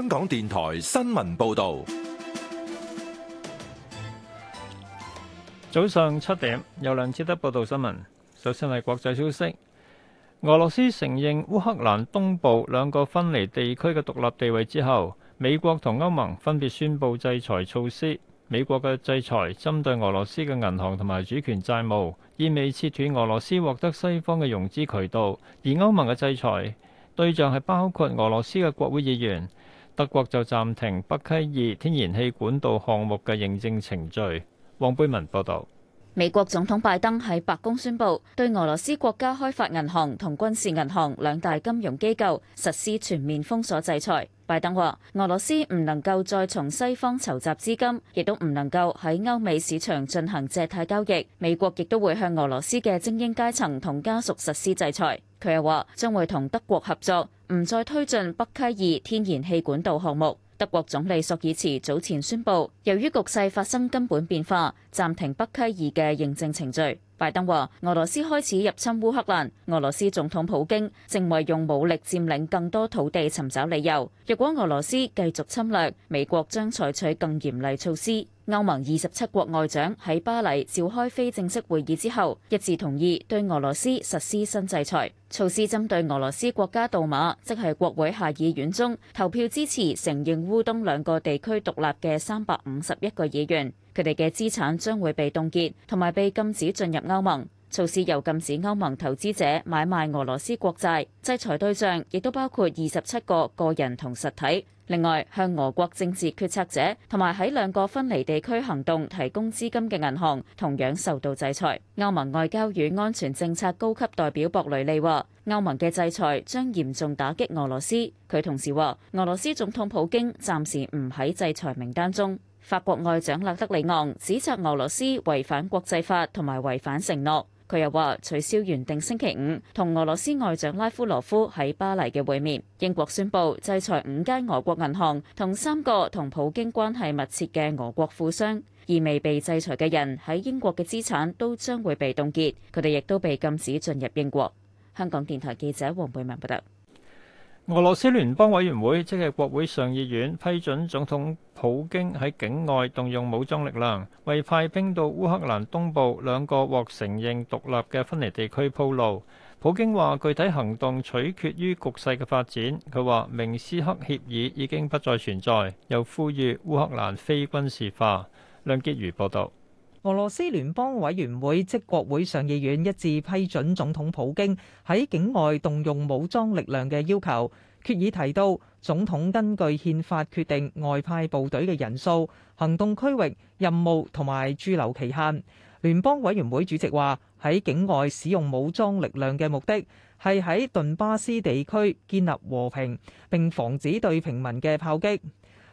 香港電台新聞報道，早上七點由梁志德報道新聞。首先係國際消息，俄羅斯承認烏克蘭東部兩個分離地區嘅獨立地位之後，美國同歐盟分別宣布制裁措施。美國嘅制裁針對俄羅斯嘅銀行同埋主權債務，意味切斷俄羅斯獲得西方嘅融資渠道；而歐盟嘅制裁對象係包括俄羅斯嘅國會議員。德國就暫停北溪二天然氣管道項目嘅認證程序。黃貝文報道，美國總統拜登喺白宮宣布，對俄羅斯國家開發銀行同軍事銀行兩大金融機構實施全面封鎖制裁。拜登話：俄羅斯唔能夠再從西方籌集資金，亦都唔能夠喺歐美市場進行借貸交易。美國亦都會向俄羅斯嘅精英階層同家屬實施制裁。佢又話：將會同德國合作。唔再推進北溪二天然氣管道項目。德國總理索爾茨早前宣布，由於局勢發生根本變化，暫停北溪二嘅認證程序。拜登話，俄羅斯開始入侵烏克蘭，俄羅斯總統普京正為用武力占領更多土地尋找理由。若果俄羅斯繼續侵略，美國將採取更嚴厲措施。歐盟二十七國外長喺巴黎召開非正式會議之後，一致同意對俄羅斯實施新制裁措施，針對俄羅斯國家杜馬，即係國會下議院中投票支持承認烏東兩個地區獨立嘅三百五十一個議員，佢哋嘅資產將會被凍結，同埋被禁止進入歐盟。措施又禁止歐盟投資者買賣俄羅斯國債，制裁對象亦都包括二十七個個人同實體。另外，向俄國政治決策者同埋喺兩個分離地區行動提供資金嘅銀行同樣受到制裁。歐盟外交與安全政策高級代表博雷利話，歐盟嘅制裁將嚴重打擊俄羅斯。佢同時話，俄羅斯總統普京暫時唔喺制裁名單中。法國外長勒德里昂指責俄羅斯違反國際法同埋違反承諾。佢又話取消原定星期五同俄羅斯外長拉夫羅夫喺巴黎嘅會面。英國宣布制裁五間俄國銀行同三個同普京關係密切嘅俄國富商，而未被制裁嘅人喺英國嘅資產都將會被凍結，佢哋亦都被禁止進入英國。香港電台記者黃貝文報道。俄羅斯聯邦委員會即係國會上議院批准總統普京喺境外動用武裝力量，為派兵到烏克蘭東部兩個獲承認獨立嘅分離地區鋪路。普京話：具體行動取決於局勢嘅發展。佢話明斯克協議已經不再存在，又呼籲烏克蘭非軍事化。梁潔如報道。俄羅斯聯邦委員會即國會上議院一致批准總統普京喺境外動用武裝力量嘅要求。決議提到，總統根據憲法決定外派部隊嘅人數、行動區域、任務同埋駐留期限。聯邦委員會主席話：喺境外使用武裝力量嘅目的係喺頓巴斯地區建立和平，並防止對平民嘅炮擊。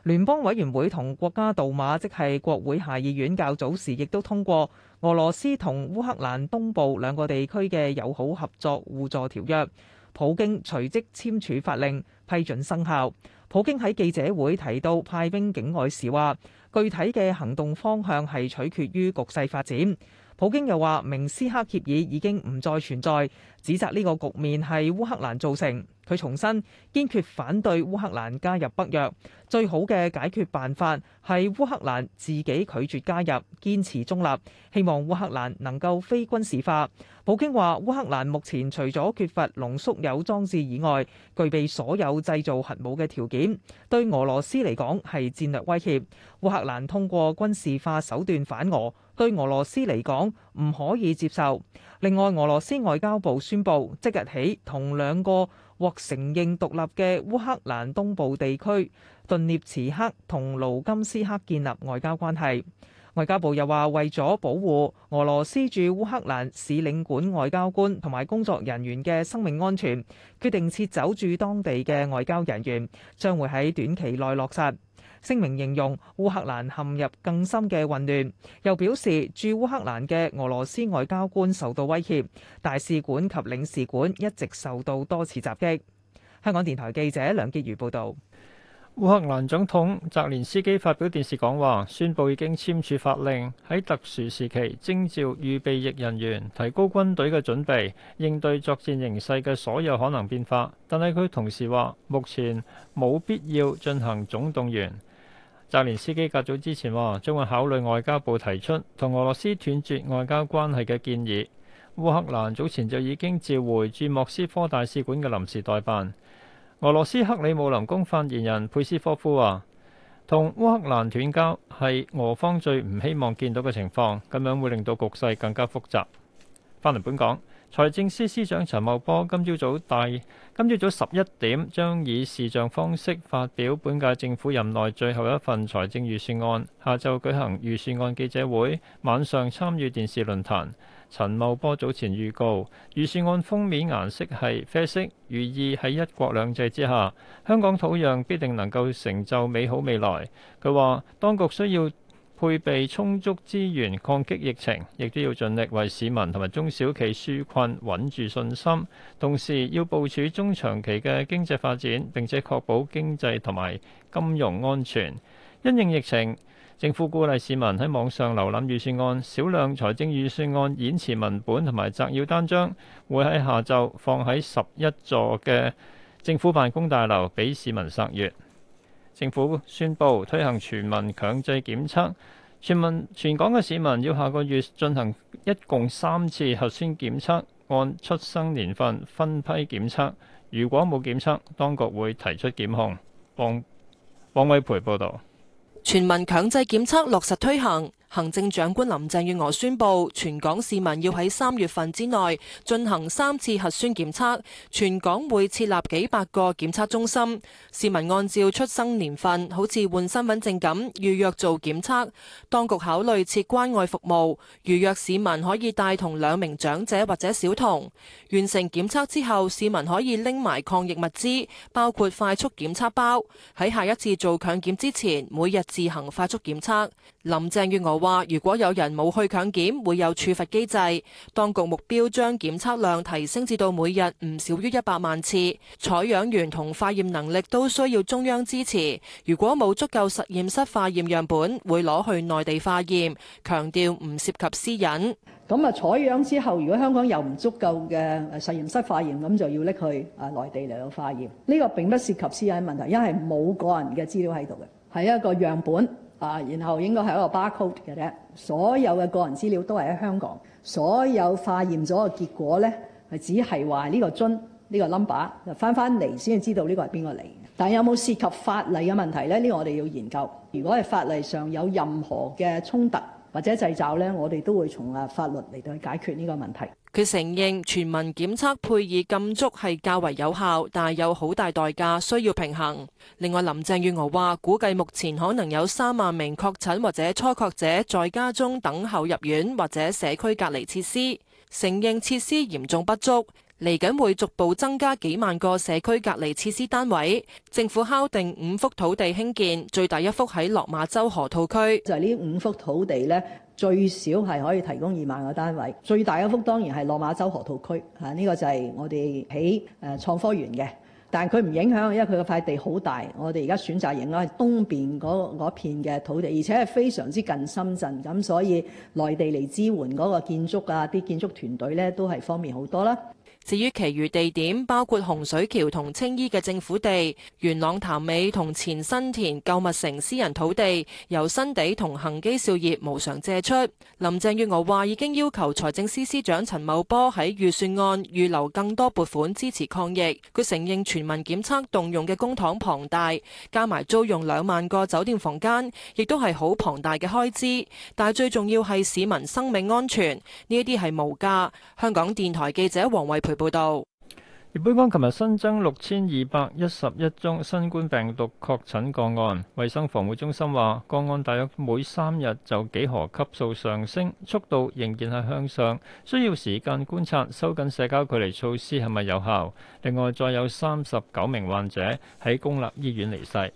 聯邦委員會同國家杜馬，即係國會下議院較早時亦都通過俄羅斯同烏克蘭東部兩個地區嘅友好合作互助條約，普京隨即簽署法令，批准生效。普京喺記者會提到派兵境外時話，具體嘅行動方向係取決於局勢發展。普京又話：明斯克協議已經唔再存在，指責呢個局面係烏克蘭造成。佢重申堅決反對烏克蘭加入北約，最好嘅解決辦法係烏克蘭自己拒絕加入，堅持中立。希望烏克蘭能夠非軍事化。普京話：烏克蘭目前除咗缺乏濃縮鈾裝置以外，具備所有製造核武嘅條件，對俄羅斯嚟講係戰略威脅。烏克蘭通過軍事化手段反俄。對俄羅斯嚟講唔可以接受。另外，俄羅斯外交部宣布即日起同兩個獲承認獨立嘅烏克蘭東部地區頓涅茨克同盧甘斯克建立外交關係。外交部又話，為咗保護俄羅斯駐烏克蘭使領館外交官同埋工作人員嘅生命安全，決定撤走駐當地嘅外交人員，將會喺短期內落實。聲明形容烏克蘭陷入更深嘅混亂，又表示駐烏克蘭嘅俄羅斯外交官受到威脅，大使館及領事館一直受到多次襲擊。香港電台記者梁潔如報導。烏克蘭總統澤連斯基發表電視講話，宣佈已經簽署法令喺特殊時期徵召預備役人員，提高軍隊嘅準備，應對作戰形勢嘅所有可能變化。但係佢同時話，目前冇必要進行總動員。澤連斯基較早之前話：將會考慮外交部提出同俄羅斯斷絕外交關係嘅建議。烏克蘭早前就已經召回駐莫斯科大使館嘅臨時代辦。俄羅斯克里姆林宮發言人佩斯科夫話：同烏克蘭斷交係俄方最唔希望見到嘅情況，咁樣會令到局勢更加複雜。翻嚟本港。財政司司長陳茂波今朝早大今朝早十一點將以視像方式發表本屆政府任內最後一份財政預算案，下晝舉行預算案記者會，晚上參與電視論壇。陳茂波早前預告，預算案封面顏色係啡色，寓意喺一國兩制之下，香港土壤必定能夠成就美好未來。佢話，當局需要配備充足資源抗擊疫情，亦都要盡力為市民同埋中小企紓困、穩住信心，同時要部署中長期嘅經濟發展，並且確保經濟同埋金融安全。因應疫情，政府鼓勵市民喺網上瀏覽預算案、少量財政預算案演辭文本同埋摘要單張，會喺下晝放喺十一座嘅政府辦公大樓俾市民索閱。政府宣布推行全民強制檢測，全民全港嘅市民要下個月進行一共三次核酸檢測，按出生年份分批檢測。如果冇檢測，當局會提出檢控。王王偉培報導，全民強制檢測落實推行。行政長官林鄭月娥宣布，全港市民要喺三月份之內進行三次核酸檢測，全港會設立幾百個檢測中心，市民按照出生年份，好似換身份證咁預約做檢測。當局考慮設關愛服務，預約市民可以帶同兩名長者或者小童。完成檢測之後，市民可以拎埋抗疫物資，包括快速檢測包，喺下一次做強檢之前，每日自行快速檢測。林鄭月娥。話如果有人冇去強檢，會有處罰機制。當局目標將檢測量提升至到每日唔少於一百萬次。採樣員同化驗能力都需要中央支持。如果冇足夠實驗室化驗樣本，會攞去內地化驗。強調唔涉及私隱。咁啊，採樣之後，如果香港有唔足夠嘅誒實驗室化驗，咁就要拎去誒內地嚟到化驗。呢、這個並不涉及私隱問題，因為冇個人嘅資料喺度嘅，係一個樣本。啊，然後應該係一個 barcode 嘅啫，所有嘅個人資料都係喺香港，所有化驗咗嘅結果咧係只係話呢個樽呢個 number 就翻翻嚟先至知道呢個係邊個嚟，但係有冇涉及法例嘅問題咧？呢個我哋要研究。如果係法例上有任何嘅衝突或者製造咧，我哋都會從啊法律嚟到解決呢個問題。佢承認全民檢測配以禁足係較為有效，但有好大代價，需要平衡。另外，林鄭月娥話：估計目前可能有三萬名確診或者初確者在家中等候入院或者社區隔離設施，承認設施嚴重不足，嚟緊會逐步增加幾萬個社區隔離設施單位。政府敲定五幅土地興建，最大一幅喺落馬洲河套區，就係呢五幅土地呢。最少係可以提供二萬個單位，最大一幅當然係落馬洲河套區嚇，呢、呢個就係我哋起誒創科園嘅，但係佢唔影響，因為佢個塊地好大，我哋而家選擇型啦，東邊嗰片嘅土地，而且係非常之近深圳，咁所以內地嚟支援嗰個建築啊，啲建築團隊咧都係方便好多啦。至於其餘地點，包括洪水橋同青衣嘅政府地、元朗潭尾同前新田購物城私人土地，由新地同恒基兆業無償借出。林鄭月娥話已經要求財政司司長陳茂波喺預算案預留更多撥款支持抗疫。佢承認全民檢測動用嘅公帑龐大，加埋租用兩萬個酒店房間，亦都係好龐大嘅開支。但係最重要係市民生命安全，呢一啲係無價。香港電台記者黃慧培。報道：本港琴日新增六千二百一十一宗新冠病毒確診個案。衛生防護中心話，個案大約每三日就幾何級數上升，速度仍然係向上，需要時間觀察，收緊社交距離措施係咪有效。另外，再有三十九名患者喺公立醫院離世。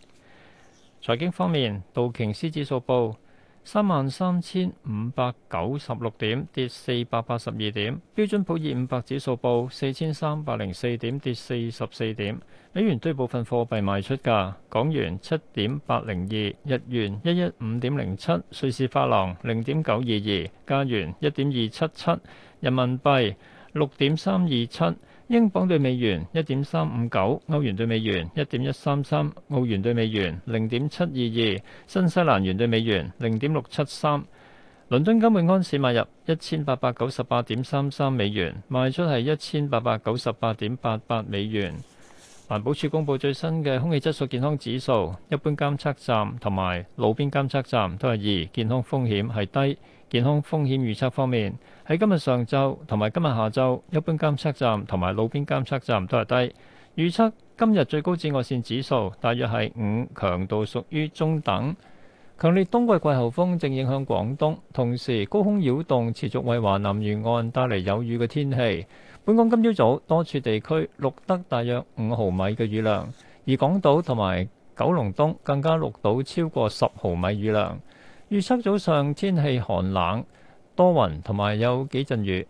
財經方面，道瓊斯指數報。三萬三千五百九十六點，跌四百八十二點。標準普爾五百指數報四千三百零四點，跌四十四點。美元兌部分貨幣賣出價：港元七點八零二，日元一一五點零七，瑞士法郎零點九二二，加元一點二七七，人民幣。六點三二七，英鎊對美元，一點三五九，歐元對美元，一點一三三，澳元對美元，零點七二二，新西蘭元對美元，零點六七三。倫敦金每盎司買入一千八百九十八點三三美元，賣出係一千八百九十八點八八美元。環保署公布最新嘅空氣質素健康指數，一般監測站同埋路邊監測站都係二，健康風險係低。健康風險預測方面，喺今日上晝同埋今日下晝，一般監測站同埋路邊監測站都係低。預測今日最高紫外線指數大約係五，強度屬於中等。強烈冬季季候風正影響廣東，同時高空擾動持續為華南沿岸帶嚟有雨嘅天氣。本港今朝早多處地區錄得大約五毫米嘅雨量，而港島同埋九龍東更加錄到超過十毫米雨量。預測早上天氣寒冷、多雲同埋有幾陣雨，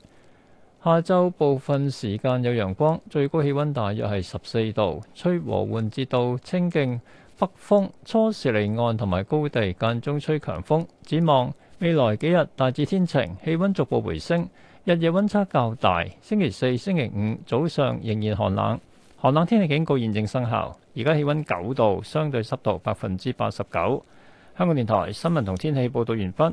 下晝部分時間有陽光，最高氣温大約係十四度，吹和緩至到清勁。北風初時離岸同埋高地間中吹強風，展望未來幾日大致天晴，氣温逐步回升，日夜温差較大。星期四、星期五早上仍然寒冷，寒冷天氣警告現正生效。而家氣温九度，相對濕度百分之八十九。香港電台新聞同天氣報道完畢。